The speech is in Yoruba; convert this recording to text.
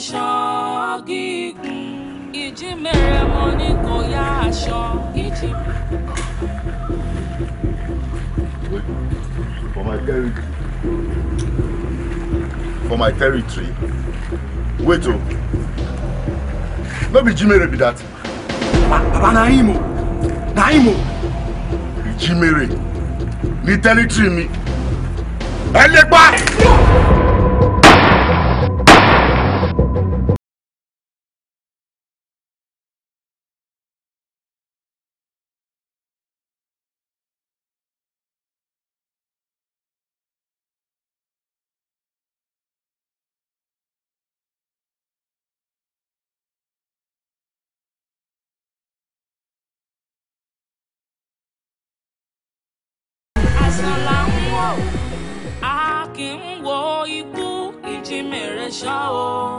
aṣọ gígùn ìjì mẹ́rẹ̀ wọn ni kò yá aṣọ ìjì. For my territory. For my territory. Wait o. Oh. No be Jimere oh. oh. be that. Baba na him o. Na him o. Jimere. Ní territory mi. Ẹ lè gbà. 我一哭，已经没人笑。